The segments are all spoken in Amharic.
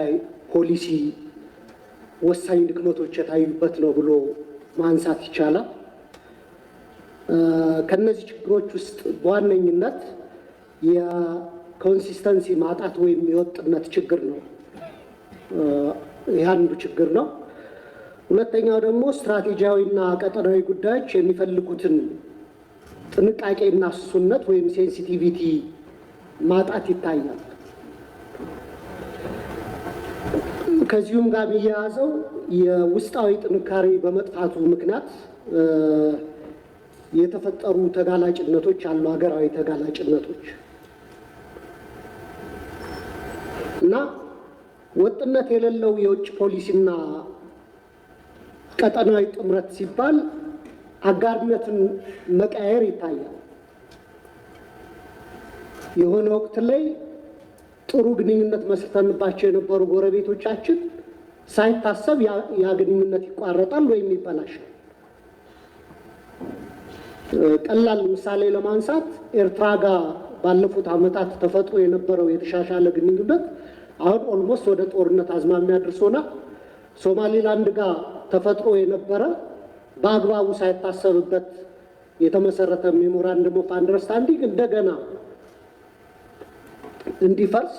ጉዳይ ፖሊሲ ወሳኝ ድክመቶች የታዩበት ነው ብሎ ማንሳት ይቻላል። ከነዚህ ችግሮች ውስጥ በዋነኝነት የኮንሲስተንሲ ማጣት ወይም የወጥነት ችግር ነው። ይህ አንዱ ችግር ነው። ሁለተኛው ደግሞ ስትራቴጂያዊና ቀጠናዊ ጉዳዮች የሚፈልጉትን ጥንቃቄና ስሱነት ወይም ሴንሲቲቪቲ ማጣት ይታያል። ከዚሁም ጋር የሚያያዘው የውስጣዊ ጥንካሬ በመጥፋቱ ምክንያት የተፈጠሩ ተጋላጭነቶች አሉ፣ ሀገራዊ ተጋላጭነቶች እና ወጥነት የሌለው የውጭ ፖሊሲና ቀጠናዊ ጥምረት ሲባል አጋርነትን መቀየር ይታያል። የሆነ ወቅት ላይ ጥሩ ግንኙነት መስርተንባቸው የነበሩ ጎረቤቶቻችን ሳይታሰብ ያ ግንኙነት ይቋረጣል ወይም ይበላሻል። ቀላል ምሳሌ ለማንሳት ኤርትራ ጋር ባለፉት ዓመታት ተፈጥሮ የነበረው የተሻሻለ ግንኙነት አሁን ኦልሞስት ወደ ጦርነት አዝማሚያ ድርሶና ሶማሌላንድ ጋር ተፈጥሮ የነበረ በአግባቡ ሳይታሰብበት የተመሰረተ ሜሞራንደም ኦፍ አንደርስታንዲንግ እንደገና እንዲፈርስ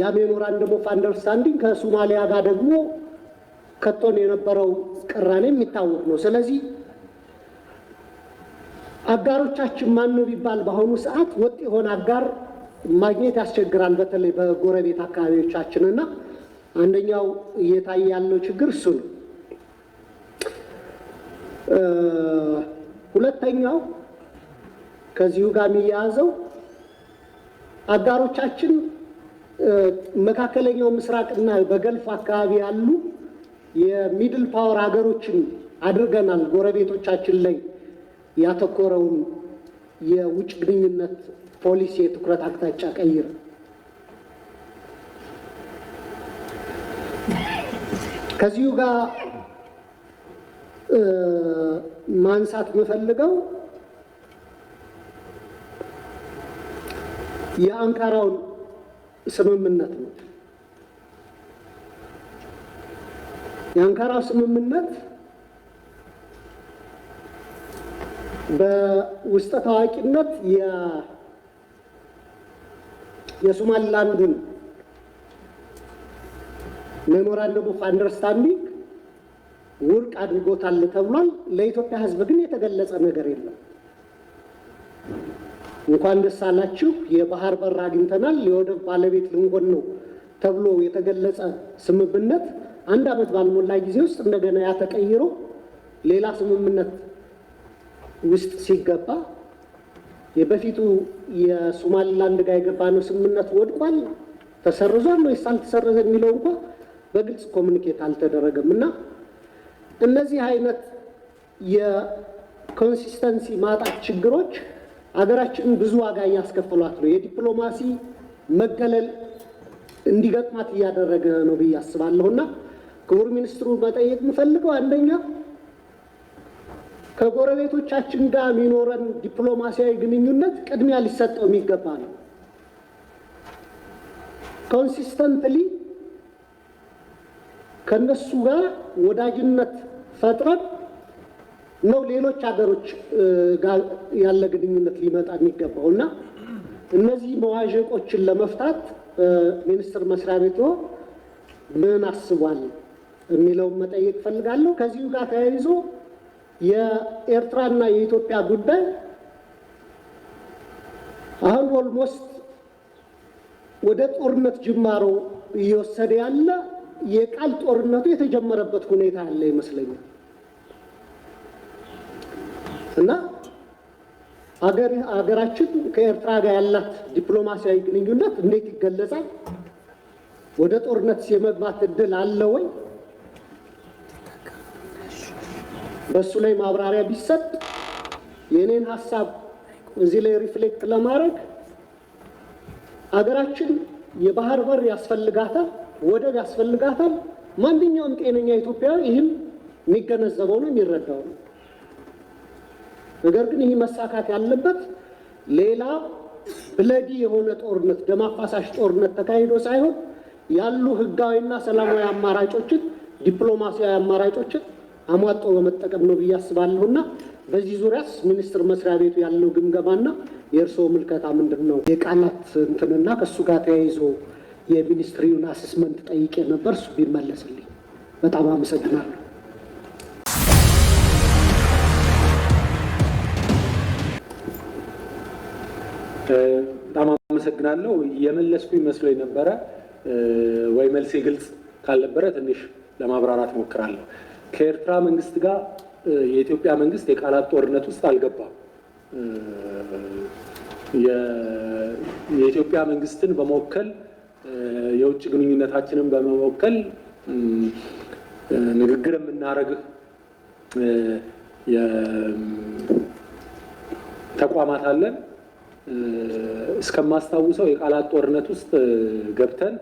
ያ ሜሞራንደም ኦፍ አንደርስታንዲንግ ከሶማሊያ ጋር ደግሞ ከቶን የነበረው ቅራኔ የሚታወቅ ነው። ስለዚህ አጋሮቻችን ማን ነው ቢባል በአሁኑ ሰዓት ወጥ የሆነ አጋር ማግኘት ያስቸግራል፣ በተለይ በጎረቤት አካባቢዎቻችን እና አንደኛው እየታየ ያለው ችግር እሱ ነው። ሁለተኛው ከዚሁ ጋር የሚያያዘው አጋሮቻችን መካከለኛው ምስራቅና በገልፍ አካባቢ ያሉ የሚድል ፓወር ሀገሮችን አድርገናል። ጎረቤቶቻችን ላይ ያተኮረውን የውጭ ግንኙነት ፖሊሲ የትኩረት አቅጣጫ ቀይር ከዚሁ ጋር ማንሳት የምፈልገው የአንካራውን ስምምነት ነው። የአንካራ ስምምነት በውስጠ ታዋቂነት የሶማሊላንድን ሜሞራንደም ኦፍ አንደርስታንዲንግ ውድቅ አድርጎታል ተብሏል። ለኢትዮጵያ ሕዝብ ግን የተገለጸ ነገር የለም። እንኳን ደስ አላችሁ የባህር በር አግኝተናል የወደብ ባለቤት ልንሆን ነው ተብሎ የተገለጸ ስምምነት አንድ ዓመት ባልሞላ ጊዜ ውስጥ እንደገና ያ ተቀይሮ ሌላ ስምምነት ውስጥ ሲገባ በፊቱ የሶማሊላንድ ጋር የገባነው ስምምነት ወድቋል፣ ተሰርዟል ወይስ አልተሰረዘ የሚለው እንኳ በግልጽ ኮሚኒኬት አልተደረገም እና እነዚህ አይነት የኮንሲስተንሲ ማጣት ችግሮች አገራችን ብዙ ዋጋ እያስከፈሏት ነው። የዲፕሎማሲ መገለል እንዲገጥማት እያደረገ ነው ብዬ አስባለሁና ክቡር ሚኒስትሩ መጠየቅ የምፈልገው አንደኛ ከጎረቤቶቻችን ጋር የሚኖረን ዲፕሎማሲያዊ ግንኙነት ቅድሚያ ሊሰጠው የሚገባ ነው። ኮንሲስተንትሊ ከነሱ ጋር ወዳጅነት ፈጥረን ነው ሌሎች ሀገሮች ጋር ያለ ግንኙነት ሊመጣ የሚገባው እና እነዚህ መዋዠቆችን ለመፍታት ሚኒስቴር መስሪያ ቤቱ ምን አስቧል የሚለውን መጠየቅ ፈልጋለሁ። ከዚሁ ጋር ተያይዞ የኤርትራና የኢትዮጵያ ጉዳይ አሁን ኦልሞስት ወደ ጦርነት ጅማሮ እየወሰደ ያለ የቃል ጦርነቱ የተጀመረበት ሁኔታ ያለ ይመስለኛል። እና አገራችን ከኤርትራ ጋር ያላት ዲፕሎማሲያዊ ግንኙነት እንዴት ይገለጻል? ወደ ጦርነት የመግባት እድል አለ ወይ? በእሱ ላይ ማብራሪያ ቢሰጥ የእኔን ሀሳብ እዚህ ላይ ሪፍሌክት ለማድረግ አገራችን የባህር በር ያስፈልጋታል፣ ወደብ ያስፈልጋታል። ማንኛውም ጤነኛ ኢትዮጵያዊ ይህም የሚገነዘበው ነው የሚረዳው ነው። ነገር ግን ይህ መሳካት ያለበት ሌላ ብለዲ የሆነ ጦርነት፣ ደም አፋሳሽ ጦርነት ተካሂዶ ሳይሆን ያሉ ህጋዊና ሰላማዊ አማራጮችን፣ ዲፕሎማሲያዊ አማራጮችን አሟጦ በመጠቀም ነው ብዬ አስባለሁ እና በዚህ ዙሪያስ ሚኒስቴር መስሪያ ቤቱ ያለው ግምገማና የእርስዎ ምልከታ ምንድን ነው? የቃላት እንትንና ከእሱ ጋር ተያይዞ የሚኒስትሪውን አሴስመንት ጠይቄ ነበር። እሱ ቢመለስልኝ በጣም አመሰግናለሁ። በጣም አመሰግናለሁ። የመለስኩ ይመስሎ የነበረ ወይ መልሴ ግልጽ ካልነበረ ትንሽ ለማብራራት ሞክራለሁ። ከኤርትራ መንግስት ጋር የኢትዮጵያ መንግስት የቃላት ጦርነት ውስጥ አልገባም። የኢትዮጵያ መንግስትን በመወከል የውጭ ግንኙነታችንን በመወከል ንግግር የምናደርግ ተቋማት አለን። እስከማስታውሰው የቃላት ጦርነት ውስጥ ገብተን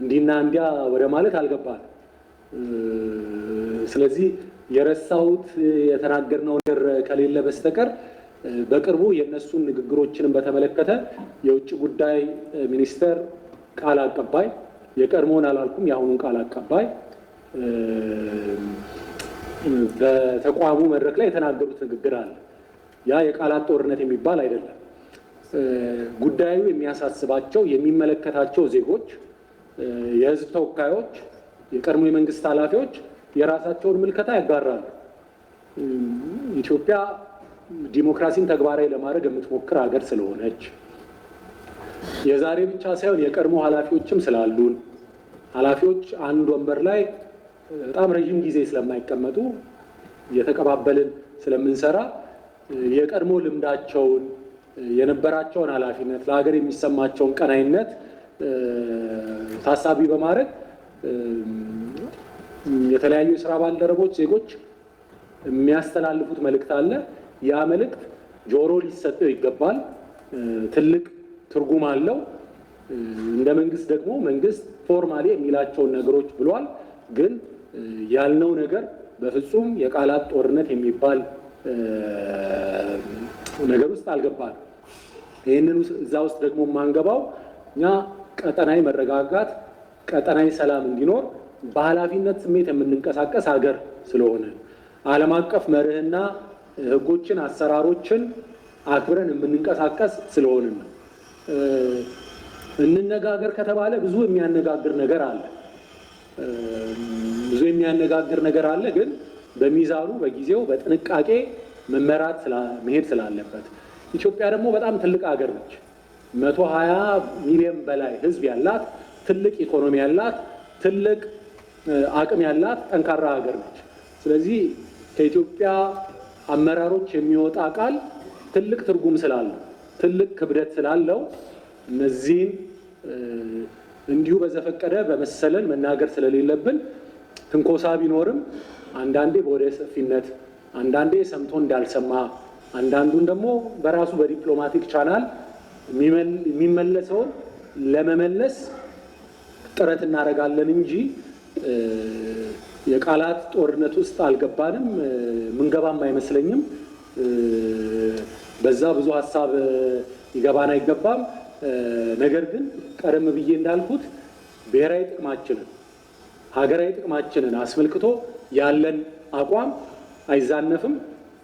እንዲና እንዲያ ወደ ማለት አልገባል። ስለዚህ የረሳሁት የተናገርነው ነገር ከሌለ በስተቀር በቅርቡ የእነሱን ንግግሮችንም በተመለከተ የውጭ ጉዳይ ሚኒስቴር ቃል አቀባይ የቀድሞውን አላልኩም የአሁኑን ቃል አቀባይ በተቋሙ መድረክ ላይ የተናገሩት ንግግር አለ። ያ የቃላት ጦርነት የሚባል አይደለም። ጉዳዩ የሚያሳስባቸው የሚመለከታቸው ዜጎች፣ የህዝብ ተወካዮች፣ የቀድሞ የመንግስት ኃላፊዎች የራሳቸውን ምልከታ ያጋራሉ። ኢትዮጵያ ዲሞክራሲን ተግባራዊ ለማድረግ የምትሞክር ሀገር ስለሆነች የዛሬ ብቻ ሳይሆን የቀድሞ ኃላፊዎችም ስላሉን ኃላፊዎች አንድ ወንበር ላይ በጣም ረዥም ጊዜ ስለማይቀመጡ እየተቀባበልን ስለምንሰራ የቀድሞ ልምዳቸውን የነበራቸውን ኃላፊነት ለሀገር የሚሰማቸውን ቀናይነት ታሳቢ በማድረግ የተለያዩ የስራ ባልደረቦች ዜጎች የሚያስተላልፉት መልእክት አለ። ያ መልእክት ጆሮ ሊሰጠው ይገባል። ትልቅ ትርጉም አለው። እንደ መንግስት ደግሞ መንግስት ፎርማሊ የሚላቸውን ነገሮች ብሏል። ግን ያልነው ነገር በፍጹም የቃላት ጦርነት የሚባል ነገር ውስጥ አልገባል። ይህንን እዛ ውስጥ ደግሞ የማንገባው እኛ ቀጠናዊ መረጋጋት፣ ቀጠናዊ ሰላም እንዲኖር በኃላፊነት ስሜት የምንንቀሳቀስ ሀገር ስለሆነ ዓለም አቀፍ መርህና ህጎችን፣ አሰራሮችን አክብረን የምንንቀሳቀስ ስለሆን ነው። እንነጋገር ከተባለ ብዙ የሚያነጋግር ነገር አለ። ብዙ የሚያነጋግር ነገር አለ፣ ግን በሚዛኑ በጊዜው በጥንቃቄ መመራት መሄድ ስላለበት ኢትዮጵያ ደግሞ በጣም ትልቅ ሀገር ነች። መቶ ሀያ ሚሊዮን በላይ ህዝብ ያላት ትልቅ ኢኮኖሚ ያላት ትልቅ አቅም ያላት ጠንካራ ሀገር ነች። ስለዚህ ከኢትዮጵያ አመራሮች የሚወጣ ቃል ትልቅ ትርጉም ስላለው ትልቅ ክብደት ስላለው እነዚህን እንዲሁ በዘፈቀደ በመሰለን መናገር ስለሌለብን ትንኮሳ ቢኖርም አንዳንዴ በወደ ሰፊነት አንዳንዴ ሰምቶ እንዳልሰማ አንዳንዱን ደግሞ በራሱ በዲፕሎማቲክ ቻናል የሚመለሰውን ለመመለስ ጥረት እናደርጋለን እንጂ የቃላት ጦርነት ውስጥ አልገባንም፣ ምንገባም አይመስለኝም። በዛ ብዙ ሀሳብ ይገባን አይገባም። ነገር ግን ቀደም ብዬ እንዳልኩት ብሔራዊ ጥቅማችንን ሀገራዊ ጥቅማችንን አስመልክቶ ያለን አቋም አይዛነፍም።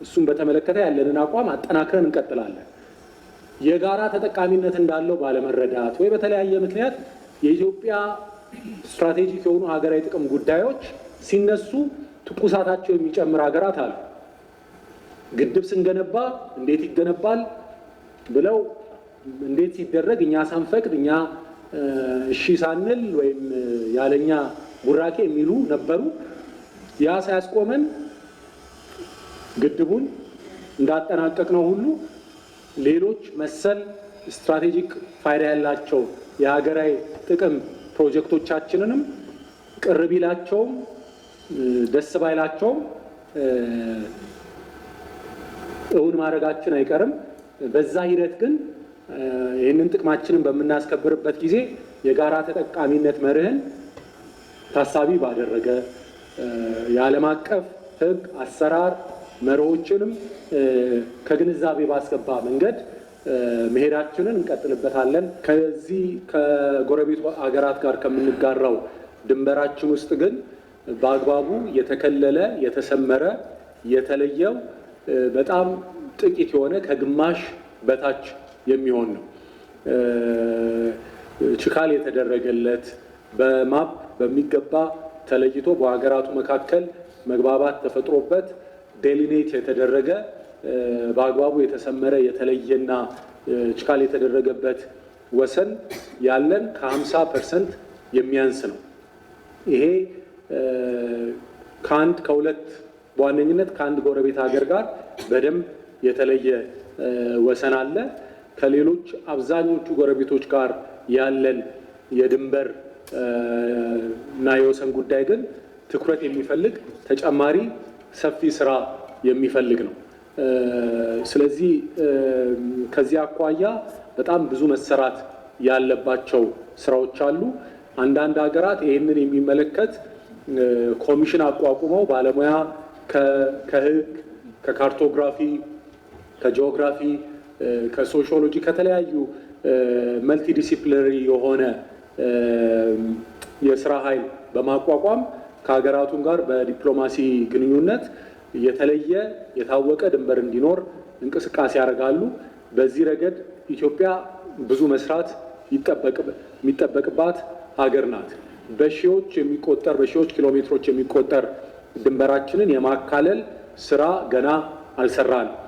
እሱን በተመለከተ ያለንን አቋም አጠናክረን እንቀጥላለን። የጋራ ተጠቃሚነት እንዳለው ባለመረዳት ወይ በተለያየ ምክንያት የኢትዮጵያ ስትራቴጂክ የሆኑ ሀገራዊ ጥቅም ጉዳዮች ሲነሱ ትኩሳታቸው የሚጨምር ሀገራት አሉ። ግድብ ስንገነባ እንዴት ይገነባል ብለው እንዴት ሲደረግ እኛ ሳንፈቅድ እኛ እሺ ሳንል ወይም ያለኛ ቡራኬ የሚሉ ነበሩ። ያ ሳያስቆመን ግድቡን እንዳጠናቀቅ ነው ሁሉ ሌሎች መሰል ስትራቴጂክ ፋይዳ ያላቸው የሀገራዊ ጥቅም ፕሮጀክቶቻችንንም ቅር ቢላቸውም ደስ ባይላቸውም እውን ማድረጋችን አይቀርም። በዛ ሂደት ግን ይህንን ጥቅማችንን በምናስከብርበት ጊዜ የጋራ ተጠቃሚነት መርህን ታሳቢ ባደረገ የዓለም አቀፍ ሕግ አሰራር መርሆችንም ከግንዛቤ ባስገባ መንገድ መሄዳችንን እንቀጥልበታለን። ከዚህ ከጎረቤት ሀገራት ጋር ከምንጋራው ድንበራችን ውስጥ ግን በአግባቡ የተከለለ የተሰመረ የተለየው በጣም ጥቂት የሆነ ከግማሽ በታች የሚሆን ነው። ችካል የተደረገለት በማፕ በሚገባ ተለይቶ በሀገራቱ መካከል መግባባት ተፈጥሮበት ዴሊኔት የተደረገ በአግባቡ የተሰመረ የተለየና ችካል የተደረገበት ወሰን ያለን ከ50 ፐርሰንት የሚያንስ ነው። ይሄ ከአንድ ከሁለት በዋነኝነት ከአንድ ጎረቤት ሀገር ጋር በደንብ የተለየ ወሰን አለ። ከሌሎች አብዛኞቹ ጎረቤቶች ጋር ያለን የድንበር እና የወሰን ጉዳይ ግን ትኩረት የሚፈልግ ተጨማሪ ሰፊ ስራ የሚፈልግ ነው። ስለዚህ ከዚህ አኳያ በጣም ብዙ መሰራት ያለባቸው ስራዎች አሉ። አንዳንድ ሀገራት ይህንን የሚመለከት ኮሚሽን አቋቁመው ባለሙያ ከህግ ከካርቶግራፊ፣ ከጂኦግራፊ፣ ከሶሺዮሎጂ ከተለያዩ መልቲዲሲፕሊነሪ የሆነ የስራ ኃይል በማቋቋም ከሀገራቱም ጋር በዲፕሎማሲ ግንኙነት የተለየ የታወቀ ድንበር እንዲኖር እንቅስቃሴ ያደርጋሉ። በዚህ ረገድ ኢትዮጵያ ብዙ መስራት የሚጠበቅባት ሀገር ናት። በሺዎች የሚቆጠር በሺዎች ኪሎ ሜትሮች የሚቆጠር ድንበራችንን የማካለል ስራ ገና አልሰራንም።